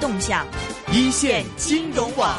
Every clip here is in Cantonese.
動向，一線金融網。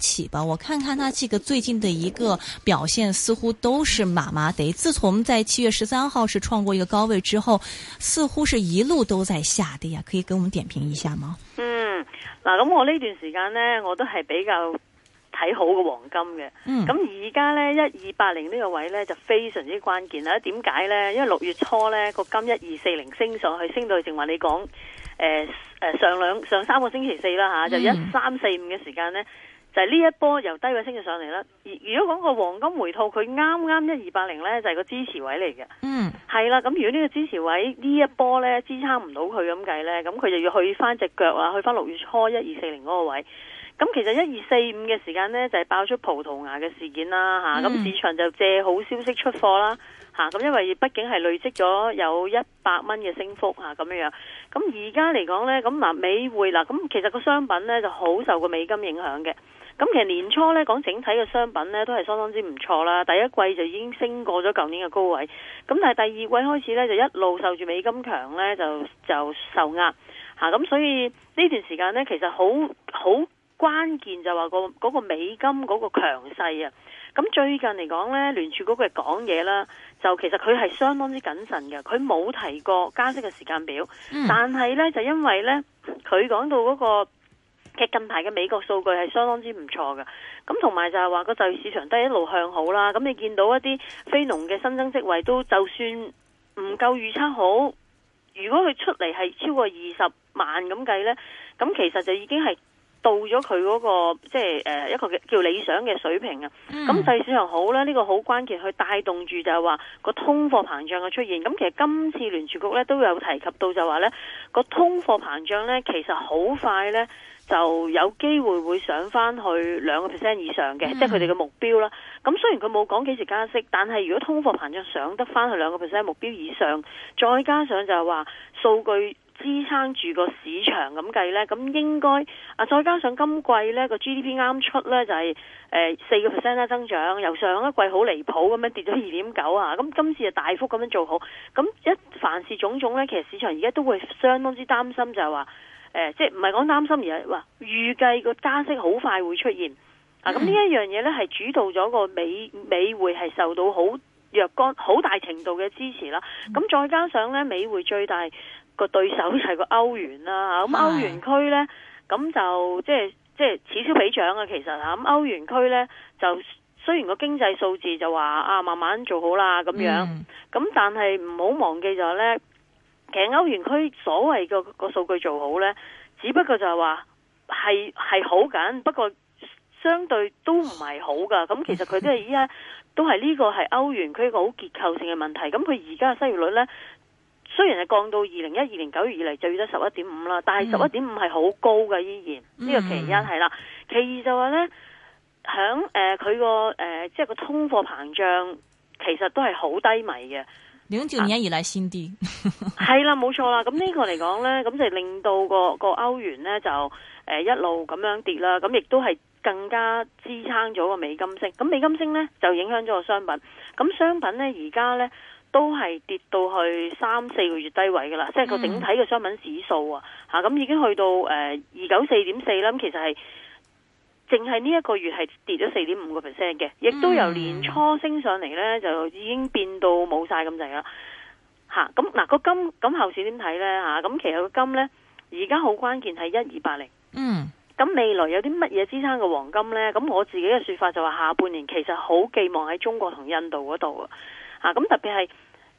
起吧，我看看他這個最近的一個表現，似乎都是麻麻的。自從在七月十三號是創過一個高位之後，似乎是一路都在下跌啊！可以給我們點評一下嗎？嗯，嗱，咁我呢段時間呢，我都係比較睇好個黃金嘅。咁而家呢，一二八零呢個位呢，就非常之關鍵啦。點解呢？因為六月初呢個金一二四零升上去，升到去正話你講，誒、呃、誒，上兩上三個星期四啦吓，就一三四五嘅時間呢。就係呢一波由低位升咗上嚟啦。而如果講個黃金回吐，佢啱啱一二八零呢，就係、是、個支持位嚟嘅。嗯、mm.，係啦。咁如果呢個支持位呢一波呢，支撐唔到佢咁計呢，咁佢就要去翻隻腳啦，去翻六月初一二四零嗰個位。咁其實一二四五嘅時間呢，就係、是、爆出葡萄牙嘅事件啦，嚇。咁市場就借好消息出貨啦，嚇。咁因為畢竟係累積咗有一百蚊嘅升幅嚇，咁樣樣。咁而家嚟講呢，咁嗱美匯啦，咁其實個商品呢，就好受個美金影響嘅。咁其實年初咧，講整體嘅商品咧都係相當之唔錯啦。第一季就已經升過咗舊年嘅高位，咁但係第二季開始咧就一路受住美金強咧就就受壓吓，咁、啊、所以呢段時間咧其實好好關鍵就話、嗰個、嗰、嗰個美金嗰個強勢啊。咁最近嚟講咧，聯儲局嘅講嘢啦，就其實佢係相當之謹慎嘅，佢冇提過加息嘅時間表，嗯、但係咧就因為咧佢講到嗰、嗰個。近排嘅美國數據係相當之唔錯嘅，咁同埋就係話，個就業市場都係一路向好啦。咁你見到一啲非農嘅新增職位都就算唔夠預測好，如果佢出嚟係超過二十萬咁計呢，咁其實就已經係。到咗佢嗰個即係誒、呃、一個叫理想嘅水平啊！咁細市場好啦，呢、這個好關鍵去帶動住就係話個通貨膨脹嘅出現。咁其實今次聯儲局咧都有提及到就話咧，個通貨膨脹咧其實好快咧就有機會會上返去兩個 percent 以上嘅，即係佢哋嘅目標啦。咁雖然佢冇講幾時加息，但係如果通貨膨脹上得返去兩個 percent 目標以上，再加上就係話數據。支撐住個市場咁計呢，咁應該啊，再加上今季呢個 GDP 啱出呢，就係誒四個 percent 啦增長，由上一季好離譜咁樣跌咗二點九啊，咁今次就大幅咁樣做好，咁一凡事種種呢，其實市場而家都會相當之擔、呃、擔心，就係話誒，即係唔係講擔心而係話預計個加息好快會出現啊，咁呢一樣嘢呢，係主導咗個美美匯係受到好若干好大程度嘅支持啦，咁再加上呢，美匯最大。個對手就係個歐元啦，咁歐元區呢，咁就即係即係此消彼長啊。其實吓，咁歐元區呢就雖然個經濟數字就話啊慢慢做好啦咁樣，咁、嗯、但係唔好忘記就呢，其實歐元區所謂、嘅個數據做好呢，只不過就係話係係好緊，不過相對都唔係好噶。咁其實佢 都係依家都係呢個係歐元區一個好結構性嘅問題。咁佢而家嘅失業率呢雖然係降到二零一二年九月以嚟最低十一點五啦，但係十一點五係好高嘅，依然呢、嗯、個其一係啦。其二就話呢，喺佢個誒即係個通貨膨脹其實都係好低迷嘅，兩九年以嚟先跌？係啦、啊，冇錯啦。咁呢個嚟講呢，咁就令到個個歐元呢就誒、呃、一路咁樣跌啦。咁亦都係更加支撐咗個美金升。咁美金升呢就影響咗個商品。咁商品呢而家呢。都係跌到去三四個月低位噶啦，即係個整體嘅商品指數啊，吓咁、嗯啊嗯、已經去到誒二九四點四啦。咁、呃、其實係淨係呢一個月係跌咗四點五個 percent 嘅，亦都由年初升上嚟咧就已經變到冇晒咁滯啦。吓咁嗱，個、啊啊、金咁後市點睇咧？吓、啊、咁其實個金咧而家好關鍵係一二八零。嗯，咁未來有啲乜嘢支撐嘅黃金咧？咁我自己嘅說法就話下半年其實好寄望喺中國同印度嗰度啊。吓、啊、咁特別係。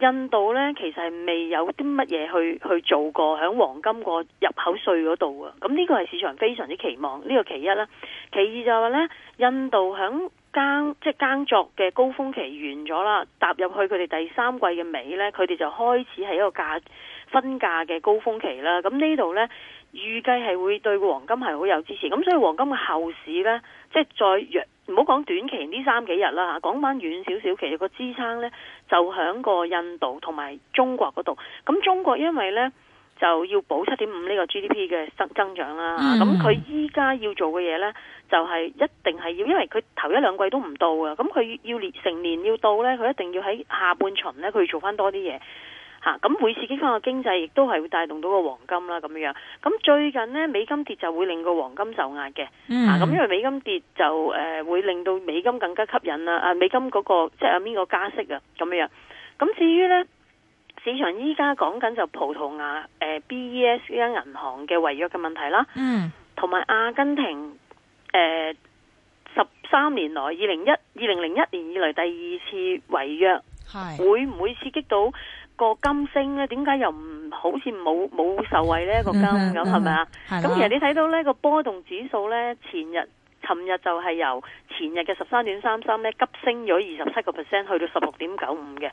印度呢，其實係未有啲乜嘢去去做過喺黃金個入口稅嗰度啊，咁呢個係市場非常之期望，呢個其一啦。其二就係話呢，印度響耕即係耕作嘅高峰期完咗啦，踏入去佢哋第三季嘅尾呢，佢哋就開始係一個價分價嘅高峰期啦。咁呢度呢，預計係會對黃金係好有支持，咁所以黃金嘅後市呢，即係再弱。唔好講短期呢三幾日啦吓，講翻遠少少，其實個支撐呢就響個印度同埋中國嗰度。咁中國因為呢就要保七點五呢個 GDP 嘅增增長啦。咁佢依家要做嘅嘢呢，就係一定係要，因為佢頭一兩季都唔到啊。咁佢要年成年要到呢，佢一定要喺下半旬呢，佢要做翻多啲嘢。吓咁每次激化個經濟亦都係會帶動到個黃金啦咁樣。咁最近呢，美金跌就會令個黃金受壓嘅。咁、嗯啊、因為美金跌就會令到美金更加吸引啦。啊美金嗰、嗰個即係邊個加息啊咁樣。咁至於呢市場依家講緊就葡萄牙、呃、BES 呢間銀行嘅違約嘅問題啦。同埋、嗯、阿根廷誒十三年來二零一二零零一年以來第二次違約。是會唔會刺激到？個金升咧，點解又唔好似冇冇受惠咧？個金咁係咪啊？咁其實你睇到呢個波動指數呢，前日、尋日就係由前日嘅十三點三三呢急升咗二十七個 percent，去到十六點九五嘅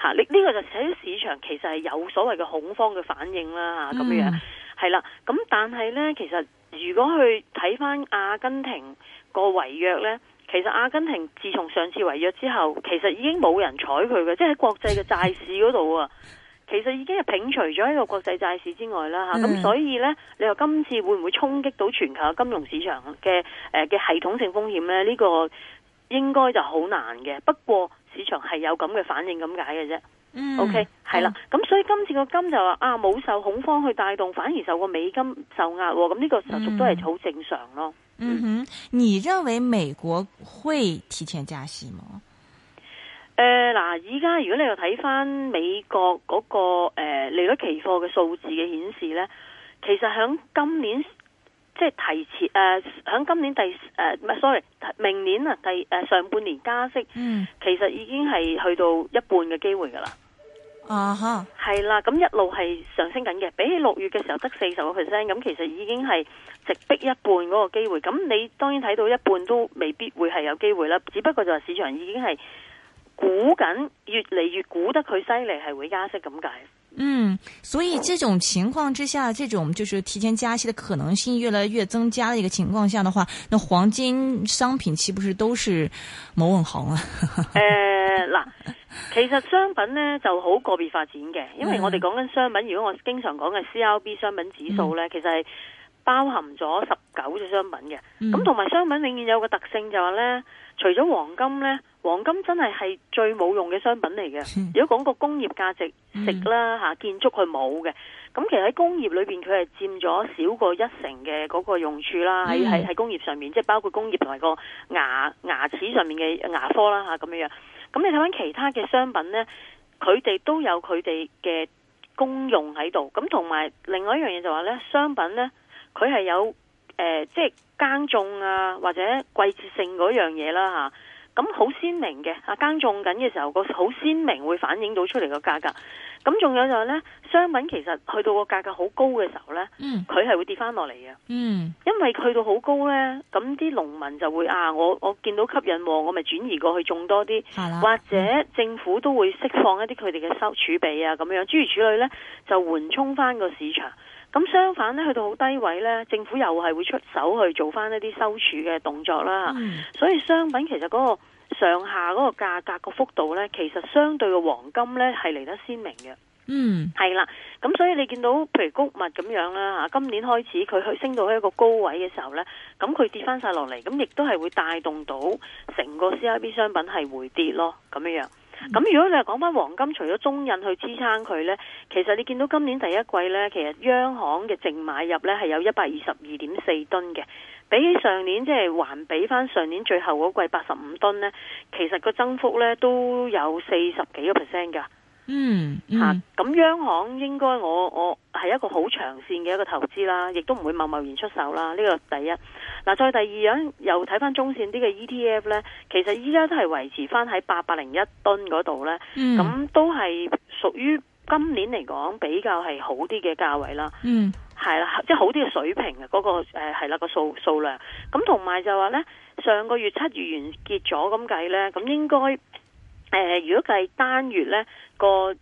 吓。你、啊、呢、這個就睇市場其實係有所謂嘅恐慌嘅反應啦咁、嗯、樣係啦。咁但係呢，其實如果去睇翻阿根廷個違約呢。其實阿根廷自從上次違約之後，其實已經冇人睬佢嘅，即係喺國際嘅債市嗰度啊，其實已經係摒除咗喺個國際債市之外啦，吓、嗯。咁所以呢，你話今次會唔會衝擊到全球金融市場嘅誒嘅系統性風險呢？呢、呢個應該就好難嘅。不過市場係有咁嘅反應咁解嘅啫。O K，係啦。咁 okay?、嗯、所以今次個金就話啊，冇受恐慌去帶動，反而受個美金受壓，咁呢個實屬都係好正常咯。嗯哼，你認為美國會提前加息嗎？誒、呃，嗱，依家如果你又睇翻美國嗰、那個誒、呃、利率期貨嘅數字嘅顯示咧，其實喺今年即係提前誒，喺、呃、今年第誒唔係 sorry，明年啊第誒、呃、上半年加息，嗯、其實已經係去到一半嘅機會噶啦。啊哈、uh，係、huh、啦，咁一路係上升緊嘅，比起六月嘅時候得四十個 percent，咁其實已經係。直逼一半嗰個機會，咁你當然睇到一半都未必會係有機會啦。只不過就係市場已經係估緊越嚟越估得佢犀利，係會加息咁解。嗯，所以這種情況之下，這種就是提前加息的可能性越來越增加的一個情況下的話，那黃金商品豈不是都是冇運行啊？誒、 呃，嗱，其實商品呢就好個別發展嘅，因為我哋講緊商品，如果我經常講嘅 CRB 商品指數呢，嗯、其實係。包含咗十九隻商品嘅，咁同埋商品永遠有個特性就話呢，除咗黃金呢，黃金真係係最冇用嘅商品嚟嘅。嗯、如果講個工業價值、嗯、食啦吓，建築佢冇嘅，咁其實喺工業裏邊佢係佔咗少過一成嘅嗰個用處啦，喺喺、嗯、工業上面，即係包括工業同埋個牙牙齒上面嘅牙科啦吓咁樣樣。咁你睇翻其他嘅商品呢，佢哋都有佢哋嘅功用喺度。咁同埋另外一樣嘢就話呢，商品呢。佢係有誒、呃，即係耕種啊，或者季節性嗰樣嘢啦吓，咁好鮮明嘅啊耕種緊嘅時候，個好鮮明會反映到出嚟個價格。咁仲有就係咧，商品其實去到個價格好高嘅時候咧，佢係會跌翻落嚟嘅，嗯，嗯，因為去到好高咧，咁啲農民就會啊，我我見到吸引喎，我咪轉移過去種多啲，的或者政府都會釋放一啲佢哋嘅收儲備啊，咁樣諸如此類咧，就緩衝翻個市場。咁相反咧，去到好低位咧，政府又係會出手去做翻一啲收儲嘅動作啦。所以商品其實嗰個上下嗰個價格個幅度咧，其實相對嘅黃金咧係嚟得鮮明嘅。嗯，係啦。咁所以你見到譬如穀物咁樣啦，吓今年開始佢去升到一個高位嘅時候咧，咁佢跌翻晒落嚟，咁亦都係會帶動到成個 CRB 商品係回跌咯，咁樣樣。咁如果你係講翻黃金，除咗中印去支撐佢呢，其實你見到今年第一季呢，其實央行嘅淨買入呢係有一百二十二點四噸嘅，比起上年即係、就是、環比翻上年最後嗰季八十五噸呢，其實個增幅呢都有四十幾個 percent 㗎。嗯吓，咁、嗯啊、央行應該我我係一個好長線嘅一個投資啦，亦都唔會貿貿然出手啦。呢、這個第一，嗱、啊、再第二樣又睇翻中線啲嘅 ETF 咧，其實依家都係維持翻喺八百零一噸嗰度咧，咁、嗯、都係屬於今年嚟講比較係好啲嘅價位啦。嗯，係啦，即、就、係、是、好啲嘅水平嗰、那個誒係啦個數數量，咁同埋就話咧，上個月七月完結咗咁計咧，咁應該。誒、呃，如果計單月咧，個誒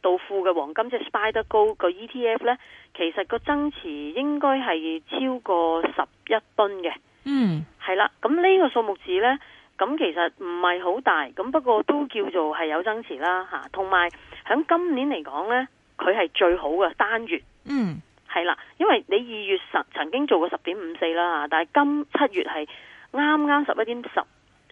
道、呃、富嘅黃金即係 SPDR Gold 個 ETF 咧，其實個增持應該係超過十一噸嘅。嗯，係啦，咁呢個數目字咧，咁其實唔係好大，咁不過都叫做係有增持啦吓。同埋喺今年嚟講咧，佢係最好嘅單月。嗯，係啦，因為你二月十曾經做過十點五四啦吓，但係今七月係啱啱十一點十。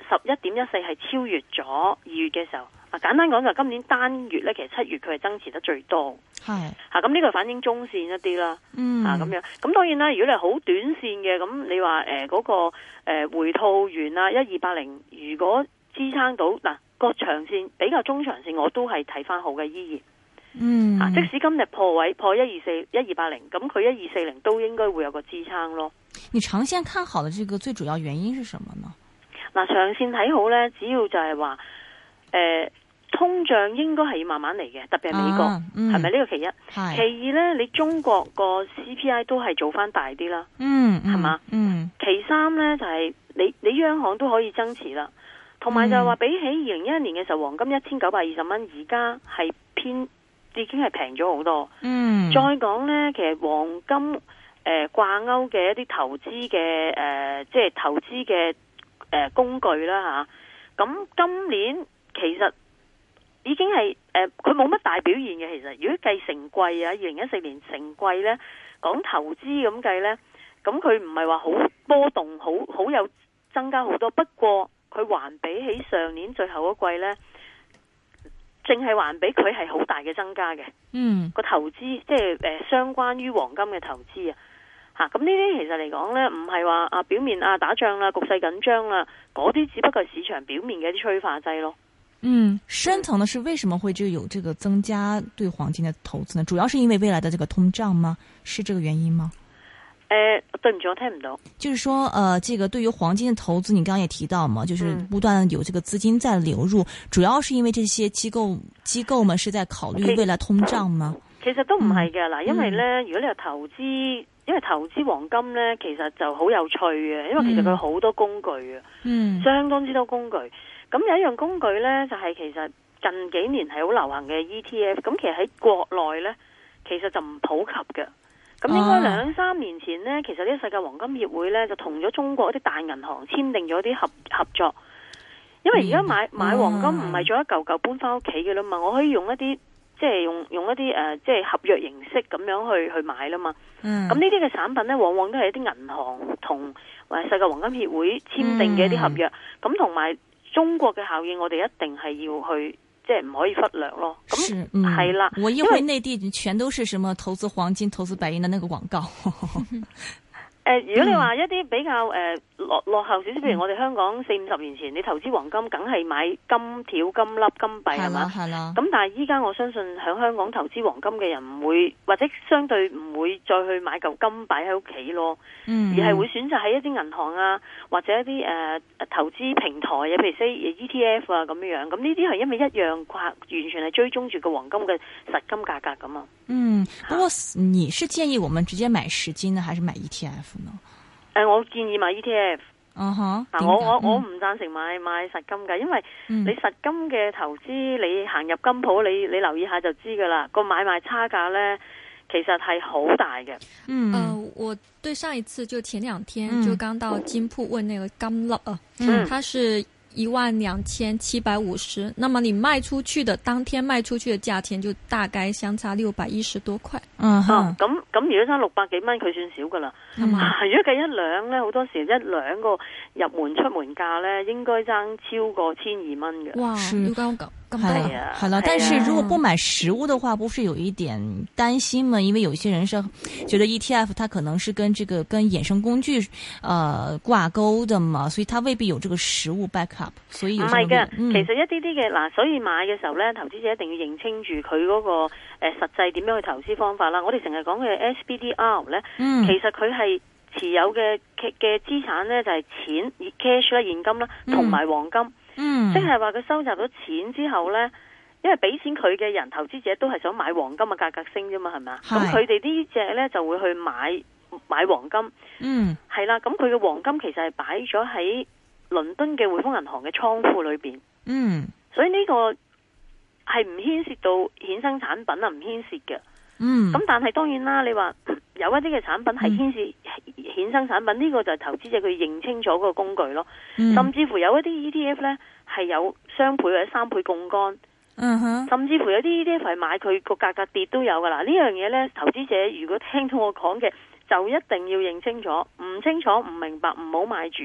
十一點一四係超越咗二月嘅時候，啊，簡單講就今年單月咧，其實七月佢係增持得最多，係吓。咁呢個反映中綫一啲啦，嗯、啊、咁樣，咁當然啦，如果你係好短綫嘅，咁你話誒嗰個誒、呃、回吐完啊，一二八零如果支撐到嗱，啊那個長綫比較中長綫，我都係睇返好嘅依然，嗯、啊、即使今日破位破一二四一二八零，咁佢一二四零都應該會有個支撐咯。你長綫看好的這個最主要原因是什麼呢？嗱，上線睇好咧，只要就係話，誒、呃、通脹應該係要慢慢嚟嘅，特別係美國，係咪呢個其一？是其二咧，你中國個 CPI 都係做翻大啲啦、嗯，嗯，係嘛吧，嗯。其三咧就係、是、你，你央行都可以增持啦，同埋就係話比起二零一一年嘅時候，黃金一千九百二十蚊，而家係偏已經係平咗好多，嗯。再講咧，其實黃金誒、呃、掛鈎嘅一啲投資嘅誒、呃，即係投資嘅。誒、呃，工具啦吓，咁、啊、今年其實已經係誒，佢冇乜大表現嘅。其實如果計成季啊，二零一四年成季咧，講投資咁計咧，咁佢唔係話好波動，好好有增加好多。不過佢環比起上年最後一季咧，淨係環比佢係好大嘅增加嘅。嗯，個投資即係誒、呃，相關於黃金嘅投資啊。吓，咁呢啲其實嚟講咧，唔係話啊表面啊打仗啦，局勢緊張啦，嗰啲只不過係市場表面嘅一啲催化劑咯。嗯，深層呢，是為什麼會就有這個增加對黃金的投資呢？主要是因為未來的這個通脹嗎？是這個原因嗎？誒、呃，對唔住，我聽唔到。就是說，呃，這個對於黃金的投資，你剛剛也提到嘛，就是不斷有這個資金在流入，嗯、主要是因為這些機構機構們，是在考慮未來通脹嗎？其實都唔係嘅，嗱、嗯，因為咧，如果你係投資。因為投資黃金呢，其實就好有趣嘅，因為其實佢好多工具啊，嗯、相當之多工具。咁有一樣工具呢，就係、是、其實近幾年係好流行嘅 ETF。咁其實喺國內呢，其實就唔普及嘅。咁應該兩三年前呢，啊、其實呢世界黃金協會呢，就同咗中國一啲大銀行簽訂咗啲合合作。因為而家買、嗯、買黃金唔係、嗯、做一嚿嚿搬翻屋企嘅啦嘛，我可以用一啲。即係用用一啲誒、呃，即係合約形式咁樣去去買啦嘛。咁呢啲嘅產品咧，往往都係一啲銀行同或者世界黃金協會簽訂嘅一啲合約。咁同埋中國嘅效應，我哋一定係要去，即係唔可以忽略咯。咁係、嗯、啦，因為內地全都是什麼投資黃金、投資白銀嘅那個廣告。誒、 呃，如果你話一啲比較誒。嗯呃落落後少少，譬如我哋香港四五十年前，你投資黃金，梗係買金條、金粒、金幣係嘛，係啦。咁但係依家我相信喺香港投資黃金嘅人唔會，或者相對唔會再去買嚿金幣喺屋企咯，嗯，而係會選擇喺一啲銀行啊，或者一啲誒、呃、投資平台 ETF 啊，譬如 E T F 啊咁樣樣。咁呢啲係因為一樣掛完全係追蹤住個黃金嘅實金價格咁啊？嗯，不過你是建議我們直接買實金呢，還是買 E T F 呢？誒、呃，我建議買 ETF，uh huh，我我我唔贊成買買實金嘅，因為你實金嘅投資、嗯，你行入金鋪，你你留意下就知噶啦，個買賣差價咧，其實係好大嘅。嗯、呃，我對上一次就前兩天就剛到金鋪問那個金粒啊，他、嗯嗯、是。一萬兩千七百五十，那麼你賣出去的當天賣出去的價錢就大概相差六百一十多塊。嗯哼，咁咁如果差六百幾蚊佢算少噶啦，Uh-huh. 啊，如果計一兩咧，好多時一兩個入門出門價咧應該爭超過千二蚊嘅。哇是係，好了、啊，啊、但是如果不買實物的話，啊、不是有一點擔心嘛？因為有些人是覺得 ETF，它可能是跟這個跟衍生工具，呃掛鈎的嘛，所以它未必有這個實物 backup。所以唔係嘅，的嗯、其實一啲啲嘅嗱，所以買嘅時候咧，投資者一定要認清住佢嗰個誒、呃、實際點樣去投資方法啦。我哋成日講嘅 SPDR 咧，嗯、其實佢係持有嘅嘅資產咧就係、是、錢 cash 啦現金啦，同埋黃金。嗯。嗯，即係話佢收集咗錢之後呢，因為畀錢佢嘅人，投資者都係想買黃金嘅價格升啫嘛，係咪？咁佢哋呢隻呢就會去買買黃金。嗯，係啦，咁佢嘅黃金其實係擺咗喺倫敦嘅匯豐銀行嘅倉庫裏邊。嗯，所以呢個係唔牽涉到衍生產品啊，唔牽涉嘅。咁，嗯，但係當然啦，你話。有一啲嘅產品係牽涉、嗯、衍生產品，呢、這個就係投資者佢認清楚嗰個工具咯。嗯、甚至乎有一啲 ETF 呢，係有雙倍或者三倍槓桿，嗯、哼甚至乎有啲 ETF 係買佢個價格跌都有噶啦。呢樣嘢呢，投資者如果聽到我講嘅，就一定要認清楚，唔清楚唔明白唔好買住。